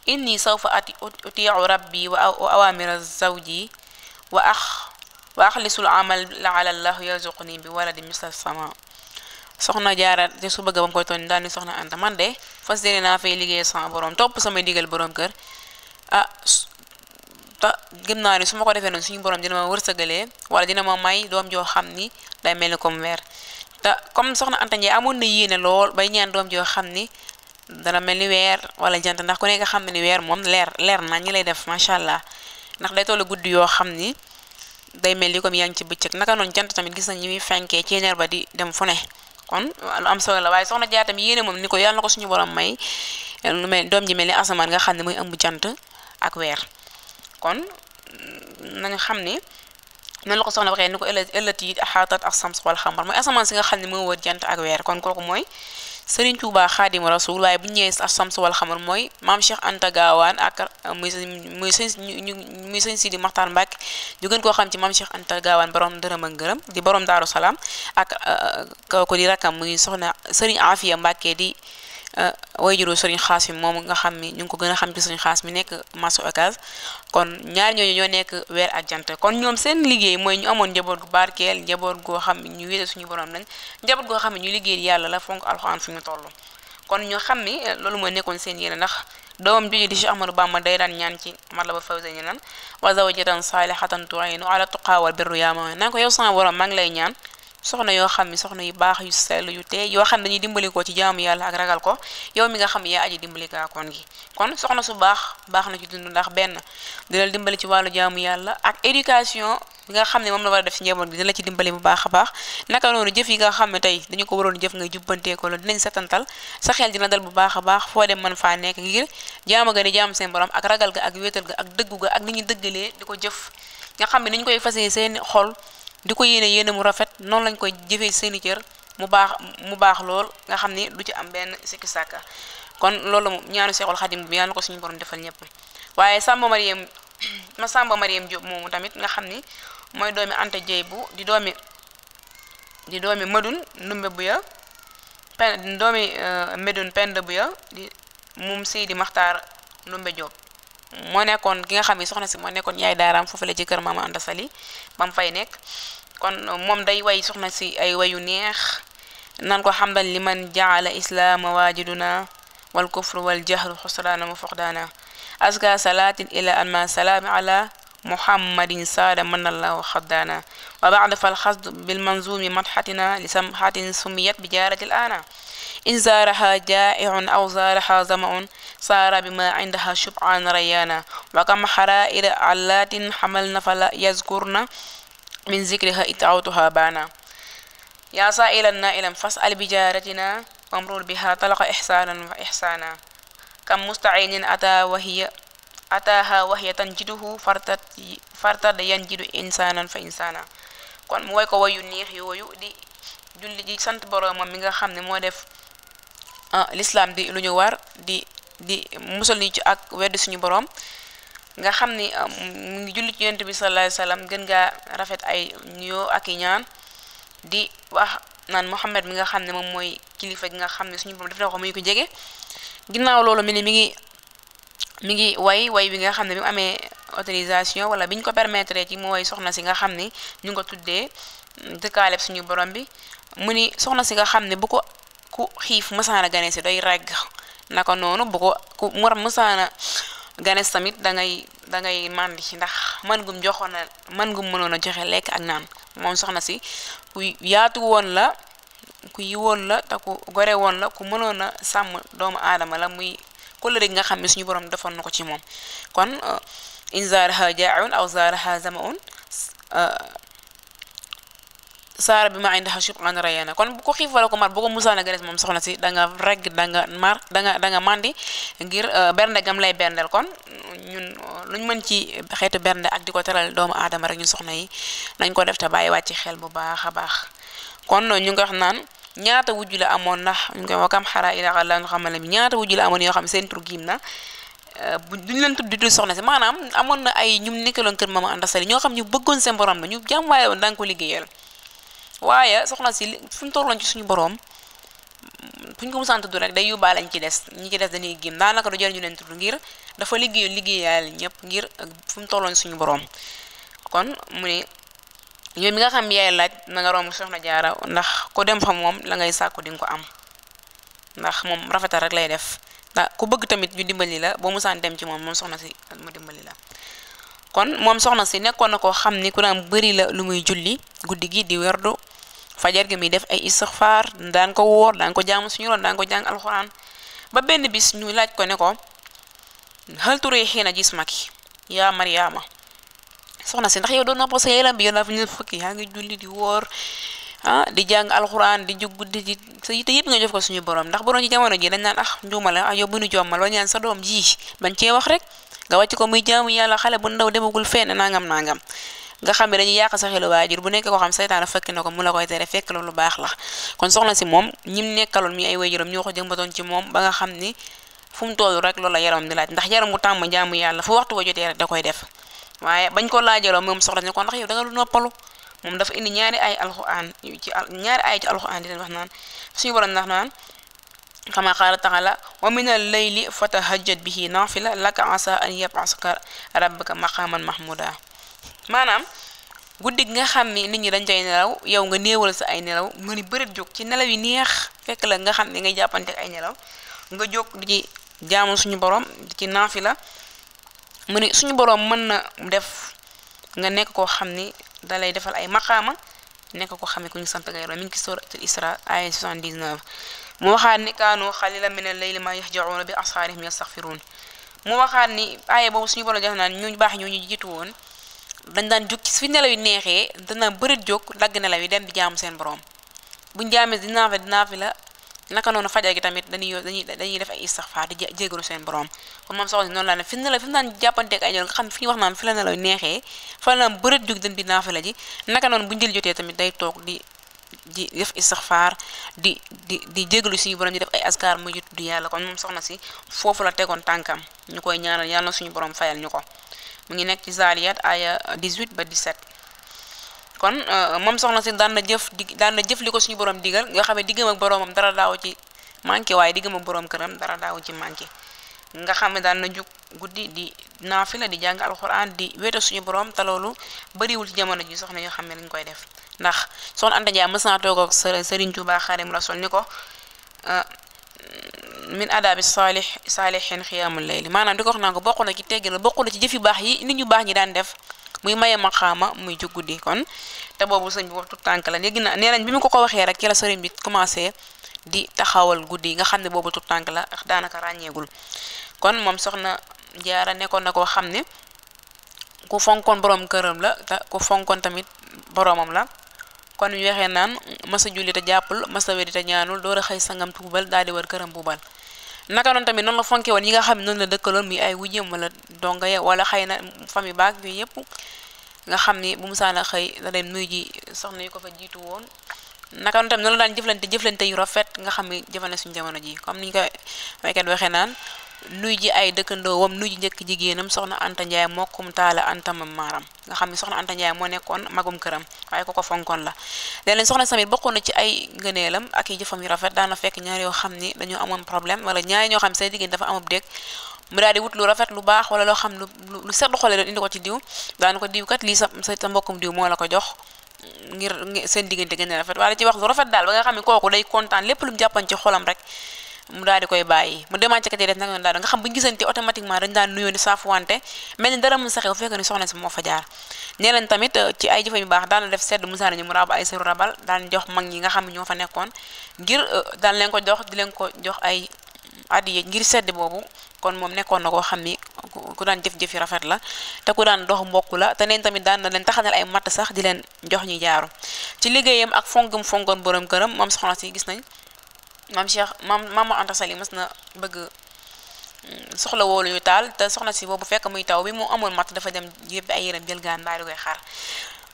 S1: inni sawfa ati uti rabbi wa awamira zawji وأخ وأخلص العمل لعل الله يرزقني بولد مثل السماء سخنا جارة دي سوبا غبان داني سخنا أنت من دي فس في نافي لغي سان بروم توب سمي ديگل بروم كر تا گم ناري سوما قد فنون سنين بروم دينا ما ورسا غلي والا دينا ما ماي دوام جو خامني داي ميل كوم وير تا كوم سخنا أنت جي أمون نيين لول باي نيان دوام جو خامني دانا ملي وير والا جانت ناكو نيك خامني وير موم لير لير ناني لي ما شاء الله ndax day toll guddi yoo xam ni day mel ni comme yaa ngi ci bëccëg naka noonu jant tamit gis nañ ñi fenkee ci neer ba di dem fu ne kon lu am solo la waaye soxna jaatam tamit moom ni ko yàlla na ko suñu borom may lu mel doom ji mel ni asamaan nga xam ne muy ëmb jant ak weer kon mm, nañu xam ni noonu la ko soxna waxee ni ko ëllëg ëllëg yi axaatat ak sams wal xamar mooy asamaan si nga xam ne mooy wër jant ak weer kon kooku mooy Serigne Touba Xaadim Rasul waaye bu ñu ñëwee as-sams wal xamar mooy maam Cheikh Anta Gaawaan ak muy euh, muy sëñ muy sëñ Sidi Maxtaar Mbàkke ñu ngeen koo xam ci maam Cheikh Anta Gaawaan borom dërëm ak ngërëm di borom Daaru Salaam ak euh, ko di rakkam muy soxna Serigne Afia Mbàkke di. Euh, wayjuru sëriñ xaasim moom nga xam ni ñu ngi ko gën a xam ci sëriñ xaas mi nekk masu ocas kon ñaar ñooñu ñoo nekk weer ak jant kon ñoom seen liggéey mooy ñu amoon njaboot gu barkeel njaboot goo xam ne ñu wéete suñu borom lañ njaboot xam ne ñu liggéey yàlla la fonk alxuraan fu ñu toll kon ñoo xam ni eh, loolu mooy nekkoon seen yéene ndax doomam jooju di Cheikh Ahmadou Bamba day daan ñaan ci Matlabul Fawzayni nan wa zawjatan salihatan tu'inu ala tuqaa wal birri yaa ma naa ko yow sama borom maa ngi lay ñaan soxna yoo xam ne soxna yu baax yu sell yu tey yoo xam ne dañuy dimbali ko ci jaamu yàlla ak ragal ko yow mi nga xam yaa aji dimbali kaakoon gi kon soxna su baax baax na ci dund ndax benn dina la dimbali ci wàllu jaamu yàlla ak éducation nga xam ne moom la war def ci njaboot bi dina la ci dimbali bu baax a baax naka noonu jëf yi nga xam ne tey dañu ko waroon jëf nga jubbanteekoo loolu dinañ setantal sa xel dina dal bu baax a baax foo dem man faa nekk ngir jaamu ga di jaamu seen borom ak ragal ga ak wéetal ga ak dëggu ga ak ni ñu dëggalee di ko jëf nga xam ne ni koy fasee seen xol di ko yéene yéene mu rafet noonu lañ koy jëfee seeni cër mu baax mu baax lool nga xam ni du ci am benn sikki kon loolu ñaanu seexul xadim bi yàlla ko suñu borom defal ñëpp waaye Samba Mariam ma Samba Mariam jop moomu tamit nga xam ni mooy doomi Anta Dieye bu di doomi di doomi madun numbe bu ya pen doomi euh, Médoune Penda bu ya di mumsi Seydi Maxtaar numbe jop mo nekkoon gi nga xam ne soxna si moo nekkoon yaay daaraam foofu la jëkkër maama Anta Sali ba mu fay nekk kon moom day way soxna si ay wayu neex nan ko xamdan li man jaala islaama waajiduna wal kufru wal jahru xusraana mu foxdaana aska salaatin ila ma salaami ala محمد ساد من الله خدانا وبعد فالخصد بالمنظوم مدحتنا لسمحة سميت بجارة الآن إن زارها جائع أو زارها ظمأ صار بما عندها شبعان ريانا وكم حرائر علات حملنا فلا يذكرنا من ذكرها إتعوتها بانا يا سائلا نائلا فاسأل بجارتنا وامرر بها طلق إحسانا وإحسانا كم مستعين أتى وهي أتاها وهي تنجده فرتد ينجد إنسانا فإنسانا كون موي كو ويو نيخ يو yooyu di julli di sant boroomam mi nga xam Ah, l'islam di luñu war di di musal ni ci ak wedd suñu borom nga xamni ah, mu ngi julli ci yent bi sallallahu alayhi wasallam gën nga rafet ay nuyoo ak ñaan di wax naan muhammad mi nga xamni mom moy kilifa gi nga xamni suñu borom dafa ko muy ko jégué ginnaw loolu mi ni mi ngi mi ngi way way bi nga xamni bi amé autorisation wala biñ ko permettre ci moy soxna si nga xamni ñu ko tuddé dekalep suñu borom bi mu ni soxna si nga xamni bu ko ku xiif mësaana ganes yi doy regg naka noonu bu ko ku mu mësaana ganes tamit da ngay da ngay màndi ndax mën gum joxoon na mën gum mënoon a joxe lekk ak naan moom soxna si ku yaatu woon la ku yi woon la te ku gore woon la ku mënoon a sàmm doomu aadama la muy kóllëre gi nga xam ne suñu borom defoon na ko ci moom kon in zaaraha jaaun aw zaaraha zamaun saara bi ma ay ndaxa shub an rayana kon bu ko xiif wala ko mar bu ko musaana gares moom soxna si da nga danga da nga mar da nga da nga mandi ngir bernde gam lay berndel kon ñun luñ mën ci xeetu bernde ak di ko teral doomu aadama rek ñun soxna yi nañ ko def ta bàyyi wàcc xel bu baax a baax kon ñu nga wax naan ñaata wujju la amoon ndax ñu koy wakam xaraa ila allah nu xamal bi ñaata wujju la amoon yoo xam seen tur giim na duñ leen tudd di soxna si maanaam amoon na ay ñum nekkaloon kër mama àndasali ñoo xam ñu bëggoon seen borom la ñu jàmm danga ko liggéeyal waaye soxna si fu mu tolloon ci suñu borom buñ ko musaan tudd rek day yóbbaale lañ ci des ñi ci des dañuy génn daanaka du jël ñu leen tudd ngir dafa liggéeyu yaal ñëpp ngir fu mu tolloon suñu borom kon mu ne yow mi nga xam yaay laaj na nga romb soxna jaara ndax ko dem fa moom la ngay sàkku di nga ko am ndax moom rafetal rek lay def ndax ku bëgg tamit ñu dimbali la boo musaan dem ci moom moom soxna si mu dimbali la kon moom soxna si nekkoon na koo xam ni ku daan bëri la lu muy julli guddi di werdu fajar gi muy def ay istighfar daan ko wóor daan ko jaamu suñu roon daan ko jàng alxuraan ba benn bis ñu laaj ko ne ko hal turiixiina jismaki yaa Mariama soxna si ndax yow doo noppal sa yelam bi yow daa ñu fukki yaa ngi julli di wóor ah di jàng alxuraan di jóg guddi di sa yite yëpp nga jof ko suñu borom ndax borom ji jamono ji dañ naan ah njuuma la ah yow ñu jommal ñaan sa doom ji bañ cee wax rek nga wàcc ko muy jaamu yàlla xale bu ndaw demagul fenn nangam nangam nga xam ne dañuy yàq sa xelu waajur bu nekk koo xam saytaana fekk na ko mu la koy tere fekk loolu lu baax la kon soxna si moom ñim nekkaloon mi ay waajuram ñoo ko jëmbatoon ci moom ba nga xam ni fu mu toll rek loolu la yaramam laaj ndax yaram bu tàmm jaamu yàlla fu waxtu wa da koy def waaye bañ ko laajaloo moom soxla ne ko ndax yow da nga lu noppalu moom dafa indi ñaari ay alxuraan ci ñaari ay ci alxuraan di leen wax naan suñu a nax naan كما قال تعالى ومن الليل فتهجد به نافلة لك عسى أن يبعثك ربك مقاما محمودا manam guddi nga xamni nit ñi dañ cay nelaw yow nga neewal sa ay nelaw nga ni bërët jóg ci nelaw yi neex fekk la nga xam ne ngay ay nelaw nga jóg di ci jaamu suñu borom di ci naafila mu ni suñu borom mën na def nga nekk koo xam ni defal ay maqaama nekk koo xam ne sant ngay ro mi ngi ci suratul isra ay 79 mu waxaat ni kaanu xalila min al layl ma yahjauna bi asxaarihim yastaghfirun mu waxaat ni aaye boobu suñu borom jox naan bax ñu ñu jitu won dañ daan juk ci fi nelaw yi neexee dana bërit jóg dag nelaw yi dem bi jaamu seen borom bu jaamee dina fa dina fi la naka nonu fajar gi tamit dañuy dañuy dañuy def ay istighfar di jégalu seen borom ko mom soxna non la fi mu ne la fi mu jappante ak ay ñoon nga xam fi wax naan fi la nelaw nexé fa la bërët jóg dem di la ji naka non bu jël jotee tamit day tok di di def istaxfaar di di di jégalu suñu borom di def ay askar muy tudd yàlla kon moom soxna si foofu la tegoon tànkam ñu koy ñaanal yàlla suñu borom fayal ñu ko mu ngi nekk ci Zaariyaat aya 18 ba 17. kon euh, moom soxna si daan na jëf di daan na jëf li ko suñu borom digal nga xam ne diggam ak boromam dara daaw ci manqué waaye diggam ak borom këram dara daaw ci manqué nga xam ne daan na jug guddi di naafila di jàng alxuraan di wéete suñu borom te loolu bëriwul ci jamono ji soxna yoo xam ne dañ koy def. ndax son anda ja mës togo serigne touba sëriñ la xaarim niko ah, min adabi salih salihin xiyamul layli maanaam di ko wax ko bokk na ci teggal bokk na ci jëfi bax yi nit ñu bax ñi daan def muy maye maqaama muy jogudi kon te bobu serigne bi waxtu tank la léegi na neenañ bi mu ko ko waxe rek la serigne bi commencé di taxawal gudi nga xamne bobu boobu tu tànk la danaka ragneegul kon mom soxna jaara ne ko nako xamne ku fonkon borom keureum la te ku fonkon tamit boromam la kon ñu waxee naan masa julli te jàppul masa weddi te ñaanul door a xëy sangam tuubal daal di war këram buubal naka noonu tamit noonu la fonke woon yi nga xam ne noonu la dëkkaloon muy ay wujjëm wala donga ya wala xëy na famille baak yooyu yëpp nga xam ni bu mu saana xëy la leen nuyu ji soxna yu ko fa jiitu woon naka noonu tamit noonu la daan jëflante jëflante yu rafet nga xam ni jëfane suñ jamono ji comme niñ ko waykat waxee naan nuy ji ay dëkkandoowam nuy ji njëkk jigéenam soxna Anta Ndiaye mokkum taala antamam maaram nga xam ne soxna Anta Ndiaye moo nekkoon magum këram waaye ko ko fonkoon la léeg-léeg soxna Samit bokkoon na ci ay ngëneelam ak yi jëfam yu rafet daana fekk ñaar yoo xam ni dañoo amoon problème wala ñaari ñoo xam seen diggéen dafa amub dégg mu daal wut lu rafet lu baax wala loo xam lu lu sedd xoolee doon indi ko ci diw daana ko diw kat li sa sa mbokkum diw moo la ko jox ngir seen diggante gën rafet wala ci wax lu rafet daal ba nga xam ne kooku day kontaan lépp lu mu jàppan ci xolam rek mu daal di koy bàyyi mu demaat ci kat na def nag daal nga xam bu ñu gisante automatiquement dañ daan nuyoo di saafuwante mel ni dara mu saxee bu fekkee ni soxna si leen tamit euh, ci ay jëfe yu baax daan def sedd musaana ñu mu raab ay seru rabal daan jox mag ñi nga xam ne ñoo fa nekkoon ngir euh, daan leen ko jox di leen ko jox ay addiye ngir sedd boobu kon moom nekkoon na koo xam ni ku daan jëf-jëf rafet la te ku daan dox mbokk la te neen tamit daan na leen taxanal ay matt sax di leen jox ñi jaaru ci liggéeyam ak fongum fongoon borom këram moom soxna si gis nañ maam Cheikh maam maam Mor Anta Sali mës na bëgg mm, soxla woolu yu taal te soxna si boobu fekk muy taw bi mu amul matt dafa dem yëpp ay yërëm jël gaan baa di koy xaar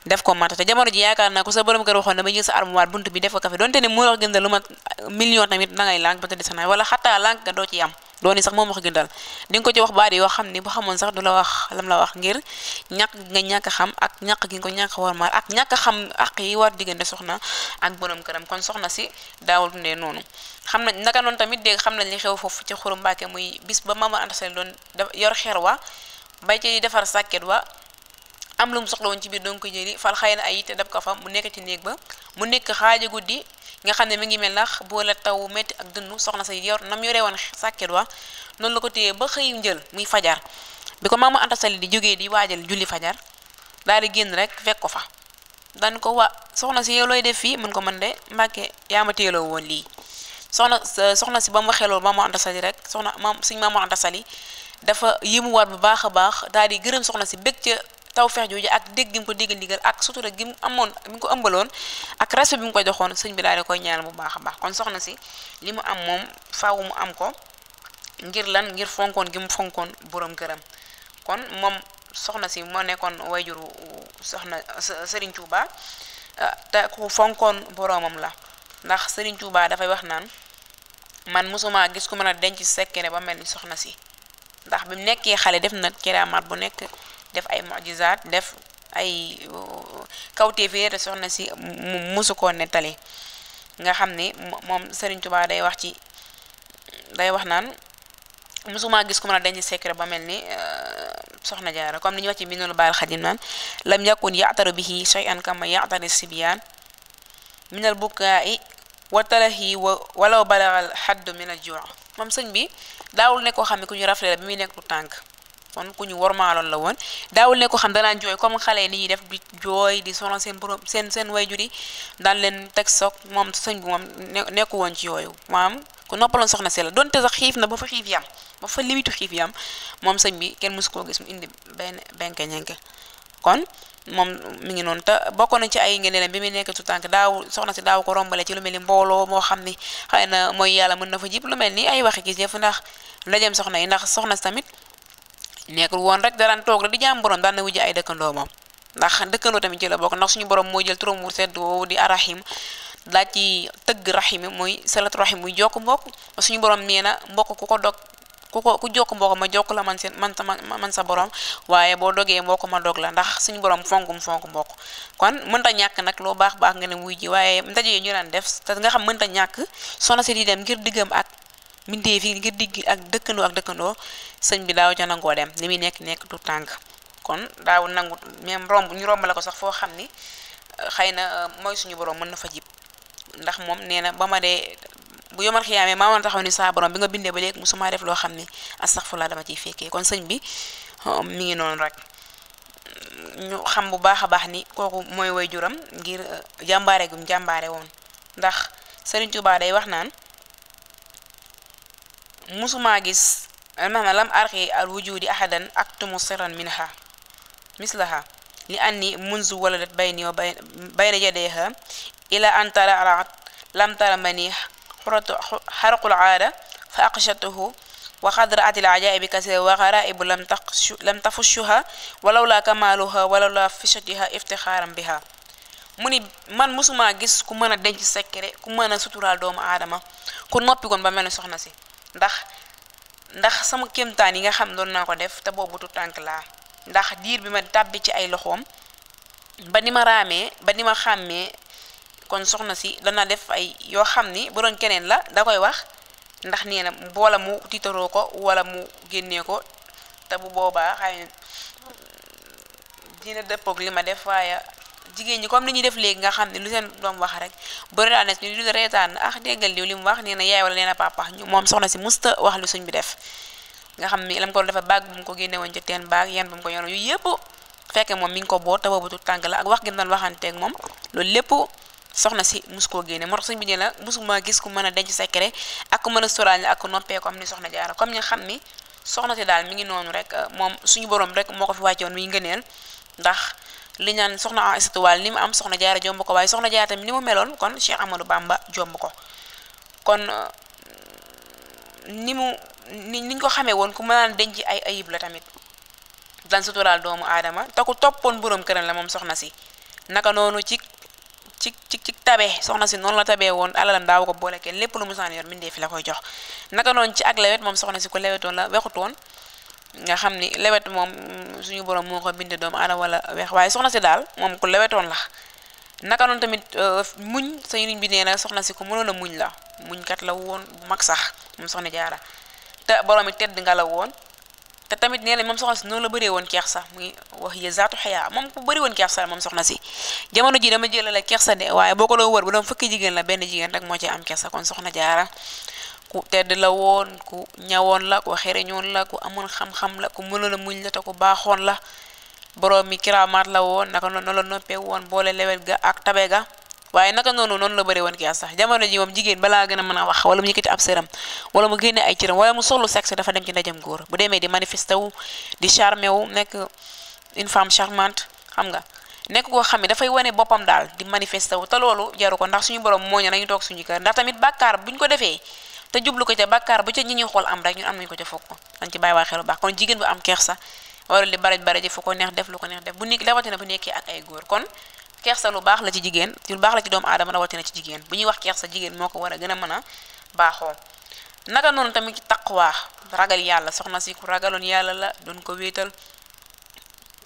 S1: def ko matt te jamono ji yaakaar naa ko sa borom kër waxoon na ba jël sa armoire bunt bi def ko kafe donte ne mu wax gën lu mat million tamit dangay lànk ba tëdd sa naaj wala xataa lànk doo ci am dooni sax moom wax gën daal di ko ci wax baat yoo xam ni bu xamoon sax du la wax lam la wax ngir ñàkk nga ñàkk xam ak ñàkk gi nga ko ñàkk war maar ak ñàkk xam ak yi war diggante soxna ak borom këram kon soxna si daawul dundee noonu xam na naka noonu tamit dégg xam na li xew foofu ci xuru Mbàkke muy bis ba Maam Mor Anta Sali doon yor xeer wa bay ci defar sàkket wa am lu mu soxla woon ci biir doon ko jëli fal xëy na ay te dab ko fa mu nekk ci néeg nga xamne mi ngi mel ndax bo la taw met ak dunu soxna sa yor nam yore woon sàkket wa non la ko ba xey ndjel muy fajar biko ko Anta Sali di joge di waajal julli fajar genn rek fa dan ko wa soxna si yow loy def fi mun ko man de mbàkke ma soxna soxna si bam waxelo waxee Anta Sali rek soxna mam suñ maamu Anta Sali dafa wat bu baakha baax di soxna si bekk ci tawfeex jooju ak dégg gi mu ko dégg ndigal ak sutura gi mu amoon bi mu ko ëmbaloon ak respect bi mu ko joxoon sëñ bi daal di koy ñaanal bu baax a baax kon soxna si li mu am moom faaw mu am ko ngir lan ngir fonkoon gi mu fonkoon borom këram kon moom soxna si moo nekkoon wayjuru soxna Serigne Touba ah, te ku fonkoon boromam la ndax Serigne Touba dafay wax naan man mosuma gis ku mën a denc sekkere ba mel ni soxna si ndax bi mu nekkee xale def na kiraamaat bu nekk. def ay mujizaat def ay kaw tv re soxna si musuko netali nga xam mom Serigne Touba day wax ci day wax nan musuma gis ko mën dañ dañu secret ba melni soxna jaara comme niñ wax ci minul bal khadim nan lam yakun ya'taru bihi shay'an kama ya'taru sibyan min al bukai wa talahi wa law balagha al hadd min al juu mom serigne bi dawul ne ko xam ne ku ñu rafle la bi mi nek lu tànk kon ku ñu wormaaloon la woon daawul ne ko xam danaan jooy comme xale yi ni def di jooy di sonal seen borom seen seen wayjur yi daan leen teg soog moom sëñ bi moom nekku woon ci yooyu maam ku noppaloon soxna si la donte xiif na ba fa xiif ba fa limitu xiif yam moom sëñ bi kenn mësu koo gis mu indi benn benke ñenke kon moom mu ngi noonu te bokkoon na ci ay ngëneelam bi muy nekk tout tànk daaw soxna si daaw ko rombale ci lu mel ni mbooloo moo xam ni xëy na mooy yàlla mën na fa jib lu mel nii ay waxi gis jëf ndax ndajeem soxna yi ndax soxna si tamit nekkul woon rek daraan toog rek di jaam borom daan na ay dëkkandoo moom ndax dëkkandoo tamit ci la bokk ndax suñu borom moo jël turam wu sedd woowu di arahim daaj ci tëgg rahim muy salatu rahim muy jokk mbokk suñu borom nee na mbokk ku ko dog ku ko ku jokk mbokk ma jokk la man seen man man sa borom waaye boo dogee mbokk ma dog la ndax suñu borom fonkum fonk mbokk kon mënta ñàkk nag loo baax baax nga ne wuy ji waaye ndaje yi ñu daan def te nga xam mënta ñàkk soxna si di dem ngir diggam ak mbindee fi ngir digg ak dëkkandoo ak dëkkandoo sëñ bi daaw ca nangoo dem li muy nekk nekk du tànk kon daaw nangu même romb ñu romb la ko sax foo xam ni euh, xëy na euh, mooy suñu borom mën na fa jib ndax moom nee na ba ma dee bu yomal xiyaamee maa mën taxaw ni saa borom bi nga bindee ba léegi musuma def loo xam ni astaghfirullah dama ciy fekkee kon sëñ bi um, mi ngi noonu rek ñu xam bu baax a baax ni kooku mooy woy juram ngir euh, jàmbaare gum jàmbaare woon ndax Sëriñ Tuubaa day wax naan musumaa gis المهم لم أرغي الوجود أحدا أكتم سرا منها مثلها لأني منذ ولدت بيني وبين يديها إلى أن ترعرعت لم تر مني حرق العادة فأقشته وقد رأت العجائب كثيرة وغرائب لم, لم تفشها ولولا كمالها ولولا فشتها افتخارا بها mu ni man mosuma gis ku mën a denc secret ku mën a suturaal doomu aadama ku noppi koon ba mel ni soxna si ndax ndax sama kéemtaan yi nga xam doon naa ko def te boobu tu tànk laa ndax diir bi ma tàbbi ci ay loxoom ba ni ma raamee ba ni ma xàmmee kon soxna si dana def ay yoo xam ni bu doon keneen la da koy wax ndax nee na boola mu tiitaroo ko wala mu génnee ko te bu boobaa xay dina dëppoog li ma def waaye jigéen ñi comme ni ñuy def léegi nga xam ne lu seen doom wax rek bëri daal nes ñu di reetaan ah déggal diw li mu wax nee na yaay wala nee na papa ñu moom soxna si musta wax lu suñ bi def nga xam ni lam ko defa baag bu mu ko génne woon ci teen baag yan bu mu ko yoroon yu yëpp fekke moom mi ngi ko boot bu boobu tàng la ak wax gi waxante ak moom loolu lépp soxna si mus koo génne moo tax suñ bi ne la musuma gis ku mën a denc secret ak ku mën a sóoraale ak ku noppee comme ni soxna jaara comme ñu xam ni soxna si daal mi ngi noonu rek moom suñu borom rek moo ko fi wàcce woon mi ngi ngëneel ndax li ñaan soxna Aysatu Waal ni mu am soxna jaara jomb ko waaye soxna jaara tamit ni mu meloon kon Cheikh amalu Bamba jomb ko kon ni mu ni niñ ko xamee woon ku mënaan denc ay ayib la tamit daan suturaal doomu aadama te ku toppoon borom këram la moom soxna si naka noonu ci ci ci ci tabe soxna si noonu la tabee woon alalam daaw ko boole kenn lépp lu mu saan yor mindee fi la koy jox naka noonu ci ak lewet moom soxna si ku lewetoon la wexutoon nga xam lewet moom suñu borom moo ko binde doomu wala weex waaye soxna si daal moom ku lewetoon la naka noonu tamit muñ sëriñ bi nee soxna si ku mënoon muñ la muñkat la woon bu mag sax moom soxna jaara te borom tedd nga la woon te tamit nee na soxna si la bëree woon keex sax muy wax ye zaatu xeyaa moom ku bëri woon keex sax moom soxna si jamono ji dama jëlale keex sa de waaye boo ko wër bu doon fukki jigéen la benn jigéen rek moo ci am keex sa kon soxna jaara ku tedd la woon ku ñawoon la ku xereñoon la ku amoon xam-xam la ku mënoon a muñ la te ku baaxoon la borom mi kiraamaat la woon naka noonu la noppee woon boole lewet ga ak tabe ga waaye naka noonu noonu la bëri woon kii sax jamono ji moom jigéen balaa gën a mën a wax wala mu yëkkati ab sëram wala mu génne ay cëram wala mu soxlu sexe dafa dem ci ndajam góor bu demee di manifesté wu di charmé wu nekk une femme charmante xam nga nekk koo xam ne dafay wane boppam daal di manifesté wu te loolu jaru ko ndax suñu borom moo ñu nañu toog te jublu ko ca bàkkaar bu ca ñi ñuy xool am rek ñu am nañu ko ca fokk dañ ci bàyyi waa xel bu baax kon jigéen bu am kersa warul di baraj baraj fu ko neex def lu ko neex def bu nekk rawatina bu ay góor kon kersa lu baax la ci jigéen lu baax la ci doomu aadama rawatina ci jigéen bu ñuy wax kersa jigéen moo ko war a gën a mën a baaxoo naka noonu tamit waax ragal yàlla soxna si ku ragaloon yàlla la doon ko wéetal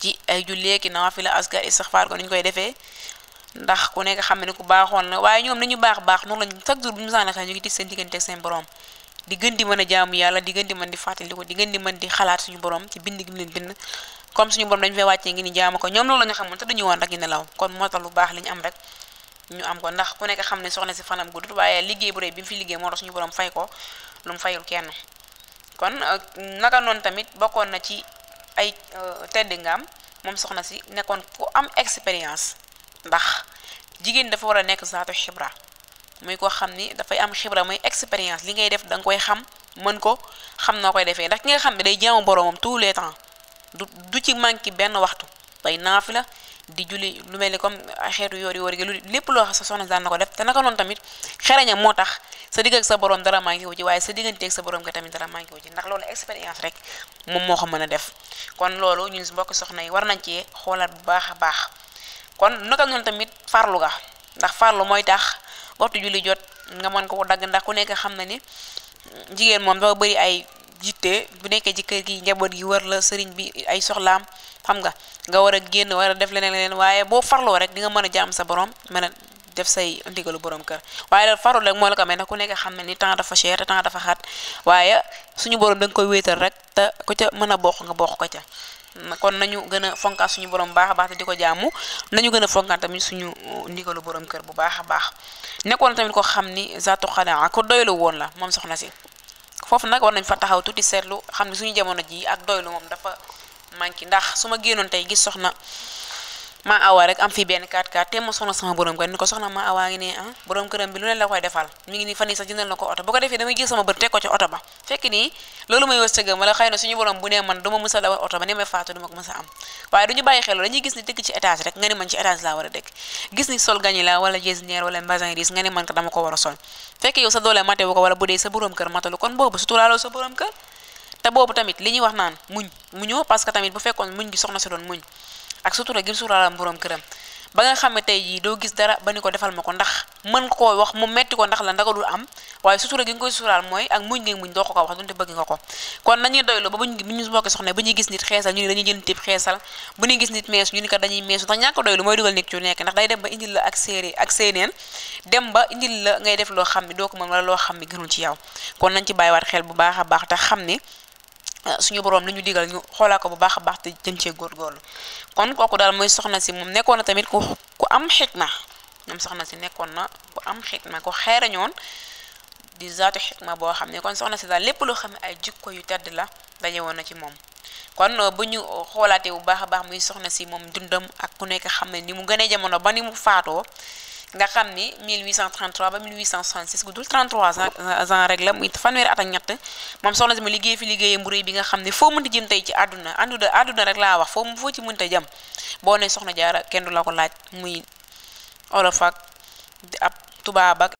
S1: ci ay ju julleeki nawaafila askar istighfar ko ni ñu koy defee ndax ku nekk xam ne ku baaxoon la waaye ñoom nañu baax baax noonu lañ chaque jour bu ñu saanaxee ñu ngi di seen diggante seen borom di gën di mën a jaamu yàlla di gën di mën di fàttali ko di gën di mën di xalaat suñu borom ci bind gi mu leen bind comme suñu borom dañu fay wàccee ngi ni jaamu ko ñoom loolu la ñu xamoon te dañu woon rek ñu nelaw kon moo tax lu baax li am rek ñu am ko ndax ku nekk xam ne soxna si fanam guddut waaye liggéey bu rëy fi liggéey moo tax suñu borom fay ko lu mu fayul euh, tamit bokkoon na ci ay euh, tedd ngaam moom soxna si nekkoon ku am expérience ndax jigéen dafa war a nekk zaatu xibra muy ko xam ni dafay am xibra muy expérience li ngay def da nga koy xam mën ko xam noo koy defee ndax ki nga xam ne day jaamu boroomam tous les temps du du ci manqué benn waxtu bay naafila di julli lu mel ni comme xeetu yoor yoor gi lépp loo xam sa soxna daan na ko def te naka noonu tamit xereña moo tax sa digg ak sa borom dara manqué wu ci waaye sa diggante ak sa borom nga tamit dara manqué wu ci ndax loolu expérience rek moom moo ko mën a def kon loolu ñun mbokk soxna yi war nañ ci xoolaat bu baax a baax kon naka noonu tamit farlu ga ndax farlu mooy tax waxtu julli jot nga mën ko dagg ndax ku nekk xam na ni jigéen moom dafa bëri ay jitte bu nekkee ci kër gi njaboot gi war la sëriñ bi ay soxlaam xam nga nga war a génn war a def leneen leneen waaye boo farloo rek di nga mën a jaam sa borom mën a def say ndigalu borom kër waaye daal farlu rek moo la ko may ndax ku nekk xam na ni temps dafa cher te temps dafa xat waaye suñu borom da nga koy wéetal rek te ko ca mën a bokk nga bokk ko ca kon nañu gën a suñu borom baax a baax te di ko jaamu nañu gën a fonkaat tamit suñu uh, ndigalu borom kër bu baax a baax nekkoon tamit ko xam ni zaatu xanaa ko doylu woon la moom soxna si foofu nag war nañ fa taxaw tuuti seetlu xam ne suñu jamono ji ak doylu moom dafa manqué ndax su ma génnoon tey gis soxna ma awa rek am fi temu 4 te mo sonna sama borom kër ko soxna ma awa ngi ne ah borom këram bi lu leen la koy defal mi ngi ni fani sa jëndal ko bu ko defé dama jël sama bët teg ko ci auto ba fekk ni loolu may wërsëgam wala xeyna suñu borom bu ne man duma musa la war ba ne may faatu duma ko mësa am waye duñu bàyyi xel dañuy gis ni dëkk ci étage rek nga ni man ci étage la wara gis ni sol gañi la wala jésnier wala mbasin ris nga ni man ko dama ko wara sol fekk yow sa doole maté wu wala bu dee sa borom kër matalu kon bobu su laaloo sa borom kër ta bobu tamit liñu wax naan muñ muñu parce que tamit bu fekkoon muñ gi soxna sa doon muñ ak sutura gir suturaal borom këram ba nga xam ne tey jii doo gis dara ba ni ko defal ma ko ndax mën koo wax mu metti ko ndax la ndagalul am waaye sutura gi nga koy suturaal mooy ak muñ ngi muñ doo ko wax donte bëgg nga ko kon nañuy doylu ba buñ bu ñu bokk soxna bu ñuy gis nit xeesal ñu ni dañuy jël tib xeesal bu ñuy gis nit meesu ñu ni ko dañuy meesu ndax ñàkk doylu mooy dugal nekk ci nekk ndax day dem ba indil la ak séeré dem ba indi la ngay def loo xam ni doo ko mën wala loo xam ni gënul ci yow kon nañ ci bàyyiwaat xel bu baax a baax te xam ni Ah, suñu borom li ñu digal ñu xoolaa ko bu baax a baax te jëm cee góorgóorlu kon kooku daal mooy soxna si moom nekkoon na tamit ku ku am xikma moom soxna si nekkoon na ku am xikma ku xeerañoon di zaatu xikma boo xam ne kon soxna si daal lépp loo xam ne ay jikko yu tedd la daje woon na ci moom kon uh, bu ñu xoolaatee bu baax a baax muy soxna si moom dundam ak ku nekk xam ne ni mu gënee jamono ba ni mu faatoo nga xam ni 1833 ba 1866 guddul 33 ans euh, ans rek la muy fanweeri at ak ñett moom soxna si ma liggéey fi liggéeyam bu bi nga xam ne foo mënta jëm tey ci àdduna àdduna rek laa wax foo foo ci mënta jëm boo ne soxna jaara kenn du la ko laaj muy olof ak ab